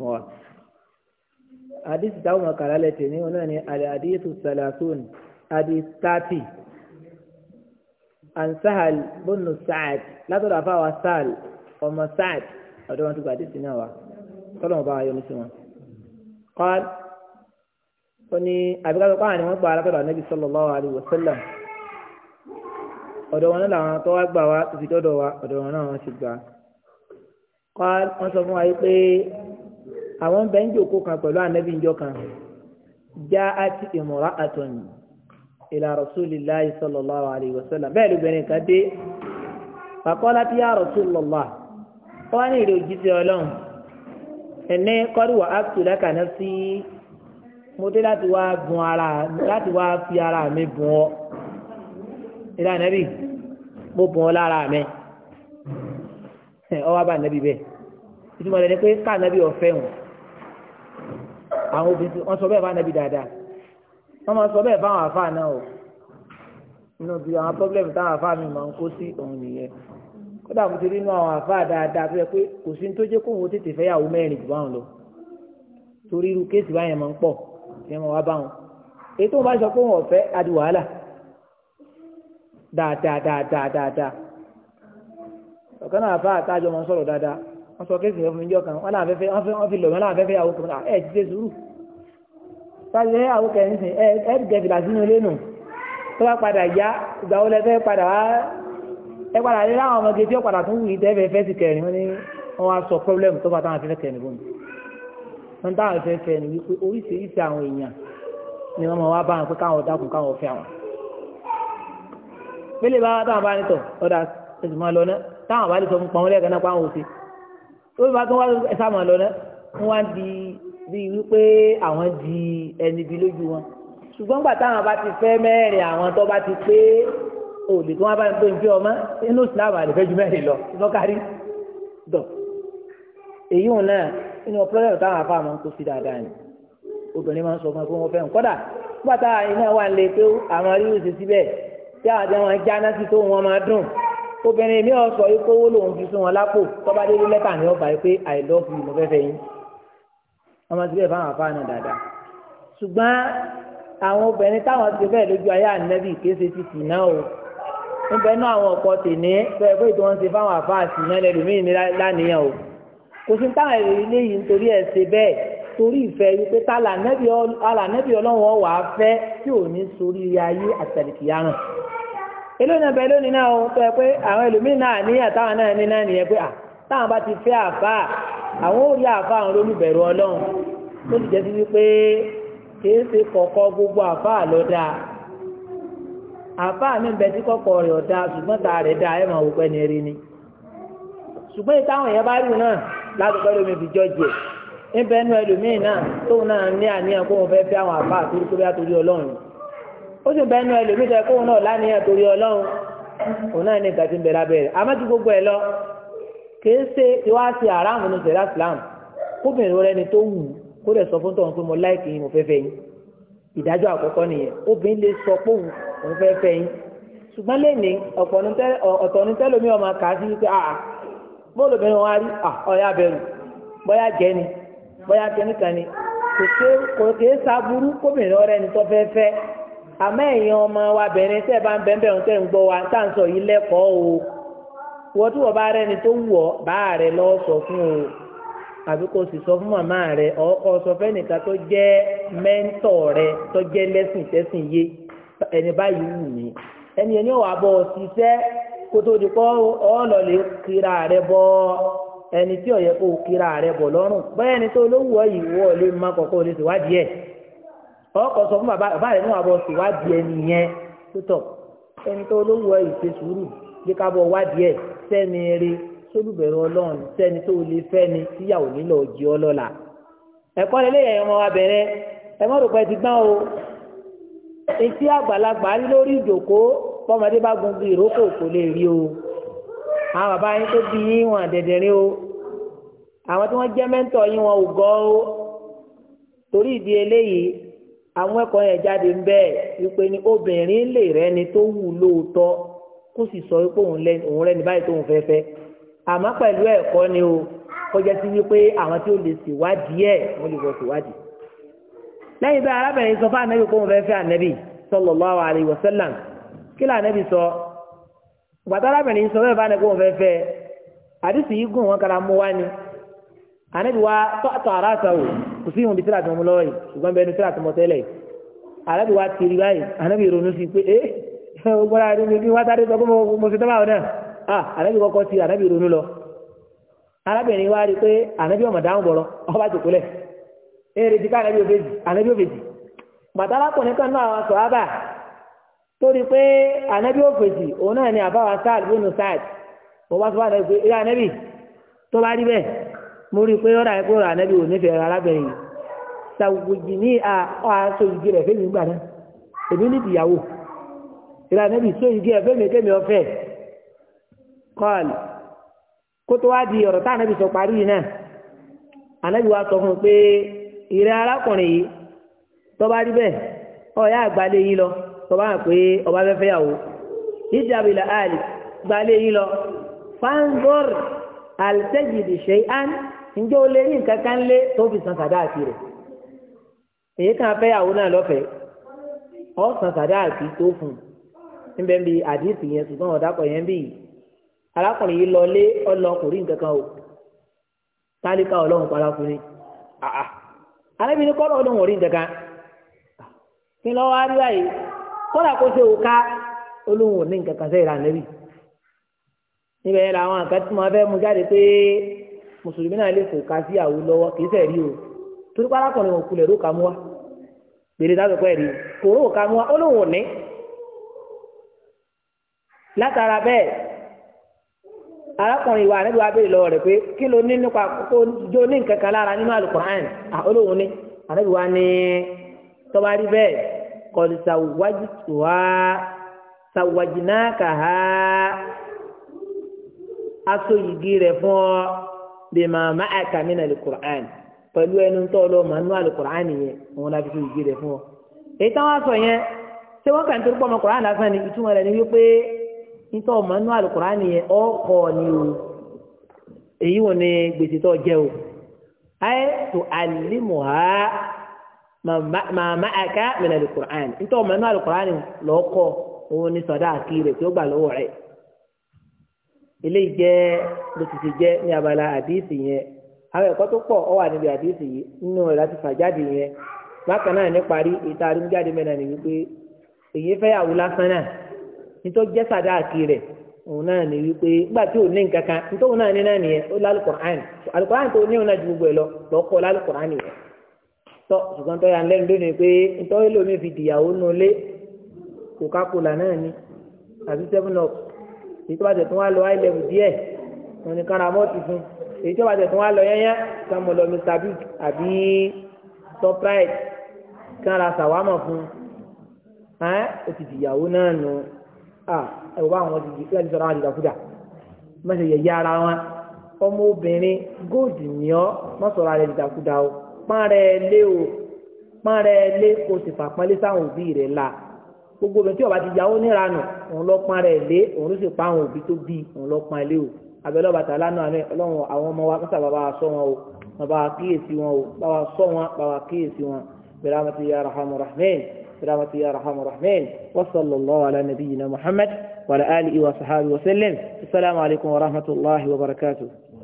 fún wa. hadith táwọn ọkàlà lẹ tẹ̀ ní wọn náà ni hadith salasun hadith thirty an sahal bonu saad látọ̀dọ̀ àfáwà sahal ọmọ saad ọ̀dọ́ wọn tó gba hadith náà wa kọ́lọ̀ wọn bá wa yọ ní sí wọn. قال وني أبي قال قال أنا أبغى على النبي صلى الله عليه وسلم ọ̀dọ̀ wọn náà làwọn tó wá gbà wá tó fi dọdọ àwọn bẹ́ẹ̀ ń jòkó kan pẹ̀lú ànábì ìjọ kan já àti ìmọ̀ra àtọ̀yìn ìlà rasulillahi sallallahu alayhi wa sallam bẹ́ẹ̀ lóbìnrin kan dé fàkọ́lá tí yá rasulullah wọ́n ní ìrè òjíṣẹ́ ọlọ́run ẹ̀ní kọ́dùwà áàpù lákàná sí mo dé láti wá gun ara láti wá fi ara mi bùn ọ́ ìlà ànábì mo bùn ọ́ lára mi ọ wá bá ànábì bẹ́ẹ̀ ìtumọ̀ rẹ̀ pé ká ànábì ọ̀fẹ́ wọn àwọn obìnrin wọn sọ bẹ́ẹ̀ bá nàbí dáadáa wọn máa sọ bẹ́ẹ̀ báwọn àfa náà o nínú bí àwọn pọblẹmù táwọn àfa mi máa ń kó sí òun nìyẹn kódà mo ti rí inú àwọn àfa dáadáa tó yẹ pé kò sí ní tó jẹ́ kóun tètè fẹ́ yàwó mẹ́rin jù báwọn lọ torí irú kéèsì báyẹn máa ń pọ̀ tí wọ́n wá báwọn èyí tó ń bá sọ pé wọn ò fẹ́ adi wàhálà dáadáa dáadáa dáadáa ọ̀kan náà àfa àtàjọ máa ń sọ̀rọ̀ dáadáa wọ́n sọ kéèsì yẹn fún mi jọ́ kan wọ́n láwọn fẹ́ fẹ́ wọ́n fi lọ̀ wọ́n sáàlẹ̀ àwọn kẹrin sí ẹ̀ẹ́dì gẹ̀fìlà sínú ilé nù tó bá padà yá ìgbà ó lẹ́fẹ́ padà wá ẹ padà lé láwọn ọmọge tí ó padà tún wùí tẹ́fẹ́ fẹ́ sí kẹrin wọn ni wọ́n wá sọ pọ́blẹ́mù tó bá táwọn afẹ́fẹ́ kẹrin bọ́ọ̀nù wọ́n táwọn afẹ́fẹ́ kẹrin wípé oríṣiríṣi àwọn èèyàn ni wọ́n máa wá bá wọn pé káwọn dákun káwọn fẹ́ àwọn. pélé bá wá táwọn bá ní tọ̀ ọ̀dà ẹ̀sùn máa lọ náà táwọn bá lè sọ fún pọ́nlẹ́ẹ̀kan náà pàwọn òsì tó bá tún bíi wípé àwọn di ẹni bí lójú wọn ṣùgbọ́n gbà táwọn bá ti fẹ́ mẹ́rin àwọn tó bá ti pé òòlù tí wọ́n bá ń pè ń fi ọmọ inú islam àlefẹ́ ju mẹ́rin lọ lọ́kárí dọ̀ èyí wọn náà inú ọpọlọ táwọn afá máa ń kó sí dáadáa ni obìnrin máa ń sọ fún ẹ pé wọ́n fẹ́ kọ́dà nígbà táwọn iná wà ń le pé àwọn rí òṣè síbẹ̀ tí àwọn àti àwọn jáná sí tó wọn máa dùn obìnrin mi ò sọ ikú owó lòun fi sún wọn lápò tọ́ba délé lẹ́tà ni ọba yìí pé i love you mo fẹ́ fẹ́ yín wọ́n máa ti bẹ́ẹ̀ fáwọn afáà náà dáadáa ṣùgbọ́n àwọn obìnrin táwọn ti bẹ́ẹ̀ lójú ayé ànábì kìí ṣe ti tì náà o níbẹ̀ náà àwọn ọ̀pọ̀ tèmi bẹ́ẹ̀ pé tí wọ́n ti fáwọn afáà sì yẹn lẹ́lòmíì ní lánìyàn o kò sí táwọn èrè eléyìí nítorí ẹ̀ ṣe bẹ́ẹ̀ torí ìfẹ́ wípé tá àlànẹ́bí ọlọ́run ọ̀wà fẹ́ tí ò ní sórí ayé àtẹ̀lẹ̀kìyàrán elónìí ọbẹ̀ lónìí náà ó tọ́ pé àwọn ẹlòmíì náà níyà táwọn náà ní náà nìyẹn pé à táwọn bá ti fẹ́ àfáà àwọn ò rí àfa àwọn olólùbẹ̀rù ọlọ́run ó sì jẹ́ sí wípé kìí ṣe kọ̀ọ̀kọ́ gbogbo àfa lọ dáa àfa mi bẹ tí kọ̀ọ̀kọ́ rẹ̀ ọ̀dà ṣùgbọ́n ta rẹ̀ dáa ẹ̀ máa wò pẹ́ ní rí ni ṣùgbọ́n ìtàwọn èèyàn bá rí náà látọ̀kọ́ lómi fi jọ́jì ẹ̀ níbẹ̀ nú ẹlòmíì náà tóun náà ní àníyàn kóun fẹ́ fẹ́ àwọn àfa àtúrú tó bí àtúrí ọlọ́run ó sì bẹ́ẹ̀ nú ẹlòmíì tẹ kóun kìí ṣe ìwá ti àràmù ní sẹ̀dá islam kóbìnrin rẹ ni tó wù kó lè sọ fún tọ̀hún pé mo láìkì yín mo fẹ́ fẹ́ yín ìdájọ́ àkọ́kọ́ nìyẹn obìnrin lè sọ pé fẹ́ fẹ́ yín ṣùgbọ́n ọ̀tọ̀ tẹ́lómi ọmọ kà á sí wípé àà wọn á rí ọ̀yà ah, bẹ̀rù bóyá jẹ́ ni bóyá kẹ́nìkan ni kò kìí ṣàbúrú kóbìnrin rẹ ni ọmọ wọ́n tí rẹ ni tó wọ̀ bá rẹ lọ́wọ́ sọ fún o àbí kò sì sọ fún màmá rẹ ọkọ sọ fẹ́nìkan tó jẹ́ mẹ́ńtọ̀ rẹ tó jẹ́ lẹ́sìn tẹ́sìn yé ẹni báyìí wù mí ẹni ẹni ọ̀wà bọ̀ ṣiṣẹ́ kó tó di kọ́ ọlọ́lẹ̀ kíra rẹ bọ́ ẹni tí ọ̀yẹ́ kó kíra rẹ bọ̀ lọ́rùn bẹ́ẹ̀ ni tó lówù ọ yìí wọ́ lé má kọ́kọ́ olè ṣèwádìí ẹ̀ ọkọ sọ fún bàbá rẹ ní àbọ̀ ṣèwádìí ẹni yẹn tó tọ̀ ẹni tó lówù ọ yìí ṣe sùúrù sẹ́ni rí sólùbẹ̀rù ọlọ́run sẹ́ni tó lè fẹ́ni tíyàwó nílò òjì ọlọ́la ẹ̀kọ́ lélẹ́yìn ọmọ wa bẹ̀rẹ̀ ẹ rò ti gbọ́n o etí àgbàlagbà lórí ìjòkó fọmọdé bá o àwọn bàbá yín tó bí yín wọn o àwọn tí wọ́n jẹ́ mẹ́ńtọ̀ yín wọn ò gọ́ o torí ìdí eléyìí àwọn ẹ̀kọ́ kó sì sọ pé òun rẹ́ni báyìí tóun fẹ́ fẹ́ àmọ́ pẹ̀lú ẹ̀kọ́ ni o kọjá sí wípé àwọn tí ó lè ṣèwádìí ẹ̀ wọ́n lè bọ̀ ṣèwádìí. lẹ́yìn bá arábìnrin sọ fún anabi kóun fẹ́ fẹ́ anabi sallallahu alaihi wasallam kí lè anabi sọ bàtà arábìnrin sọ fẹ́ fẹ́ anabi kóun fẹ́ fẹ́ àdìsí yìí gùn wọn kára mú wá ni anabi wa tọ́tọ̀ ara sa o kò sí ìhun bí tíra tó mú lọ́wọ́ yìí ṣùgbọ́n bẹ́ẹ̀ ni tíra tó mọ tẹ́lẹ̀ yìí anabi wa tiri báyìí anabi ronú sí pé eh gbọ́dọ̀ àti mi kí wọ́n sáré sọ pé mo ṣe tọ́ba ọ̀nà ànábì kọ́kọ́ ti ànábì ronú lọ arábìnrin wa rí i pé ànábì ọmọ dáhùn bọ̀ lọ ọba jòkólẹ̀ eré ti ká ànábì òbejì ànábì òbejì bàtàlá kò ní kánú àwọn sọ̀ ábà torí pé ànábì òbejì òun náà ni àbáwá sáàd bínú sáàd mo bá sọ fún ànábì pé eré ànábì tó bá rí bẹ́ẹ̀ mo rí i pé ọ̀rọ̀ àìkúrò ànábì ò nífẹ̀ẹ́ arábìnrin yìí ní àṣọ ìlà nẹ́bí sọ yìí gé ẹ̀fẹ́ mi tẹ́mi ọ̀fẹ́ kọ́ọ̀lù kó tó wá di ọ̀rọ̀ tá ànábì sọ parí yìí náà ànábì wa sọ fún un pé ìrẹ́ arákùnrin yìí tó bá rí bẹ́ẹ̀ ọ̀yá àgbálẹ̀ yìí lọ tó bá hàn pé ọba fẹ́ fẹ́yàwó ìdàbìlà àlì gbálẹ̀ yìí lọ fáńgọ́r àlùtẹ́jìdì ṣe án o lè rí nǹkan lé tó fi san sàdáàtì rẹ̀ èyí kan fẹ́yàwó náà lọ́fẹ̀ẹ́ ọ̀ san sàdáàtì tó fún un níbẹ̀ ń bi àdìsí yẹn ṣùgbọ́n ọ̀dàpọ̀ yẹn bì í arákùnrin yìí lọlé ọlọ kò rí nǹkan o tálíkà ọlọ́run para fún ni àà arábìnrin kọ́ ọlọ́run ò rí nǹkan kan kí lọ́wọ́ á rí báyìí kọ́dà kó ṣe òka olóhùn ò ní nǹkan kan sẹ́yìn rà nẹ́bì níbẹ̀ yẹn làwọn àkàtì tí wọ́n fẹ́ mú jáde pé mùsùlùmí náà lè fòkà sí àwo lọ́wọ́ kì í sẹ̀rí o torí pé arákùnrin òkulẹ̀ ló kà mú wa gbèrè sáfẹ́fẹ́ rí kò ró òka mú wa olóhùn ò ní látara bẹ́ẹ̀ arákùnrin wa níbi wa béèrè lọ́wọ́ rẹ̀ pé kí ló ní nípa kó jó ní nǹkan kan lára nínú alukur'an olóhùn ni àníbi wa ní tọ́ba rí bẹ́ẹ̀ kọ́ni sàwájìnà kàá aṣọ yìgì rẹ̀ fún ọ bí màmá alukur'an pẹ̀lú ẹnu tó lọ alukur'an yẹn òun láti fi rẹ̀ fún ọ. èyí táwọn aṣọ yẹn ṣé kàn pọ̀ mọ́ kur'an lásán ni ìtumọ̀ rẹ̀ ni wípé. nítorí ọmọ inú alukurani yẹn ọkọ ni o èyí wọn ni gbèsè tó jẹ o ayé tó alimuha màmá àká min alukurani nítorí ọmọ inú alukurani lọkọ òun ni sọdá àkìrè tí ó gbà lọ́wọ́ rẹ̀ eléyìí jẹ bó ti ti jẹ ní abala àdìsí yẹn àwọn ẹ̀kọ́ tó pọ̀ ọ wà níbi àdìsí yìí nínú láti yẹn bákan náà ní parí ìta arúgbó jáde mẹ́ta ni wípé èyí fẹ́ nítorí jẹ́ sàdáàkì rẹ̀ òun náà ní wípé nígbà tí ò ní nǹkan kan nítorí òun náà ní náà nìyẹn ó lálùkùránì àlùkùránì tó ní òun náà ju gbogbo ẹ̀ lọ lọ́kọ́ lálùkùránì rẹ̀ tọ́ ṣùgbọ́n tó yà ń lẹ́nu lónìí pé nítorí lómi fi dìyàwó nulé coca cola náà ni àbí seven up èyí tó bá tẹ̀ tún wá lọ high level díẹ̀ òun ni karamọ́ọ̀tì fún èyí tó bá tẹ̀ tún wá lọ yẹ́yẹ́ sàmù mr big àbí surprise kan ra sàwámọ̀ fún ẹ́ ó ti dìyàwó náà nù ẹ̀wọ́ àwọn ti jìkẹ́ ẹ̀dí sọ́ra wọn dìdàkudà má ṣe yẹ̀yẹ́ ara wọn ọmọ obìnrin góòdì ni ọ́ má sọ̀rọ̀ rẹ̀ dìdàkudà o pọ́n rẹ̀ lé o pọ́n rẹ̀ lé kó o sì fà pọ́n lé sáwọn òbí rẹ̀ la gbogbo obìnrin tí ó bá ti yàwó níranù òun lọ pọ́n rẹ̀ lé òun ló sì pa àwọn òbí tó bí òun lọ pọ́n lé o abẹ́lẹ́ ọ̀bàtà lánàá ní ọlọ́run àwọn ọmọ wa kọ́sà bàbá wa sọ wọn o bàbá wa kíyèsí wọn o bàbá wa sọ wọn bàbá wa kíyèsí wọn bẹ̀rẹ̀ àwọn ti yára hàmù rahman برحمتك يا رحم الرحمن وصلى الله على نبينا محمد وعلى آله وصحبه وسلم السلام عليكم ورحمة الله وبركاته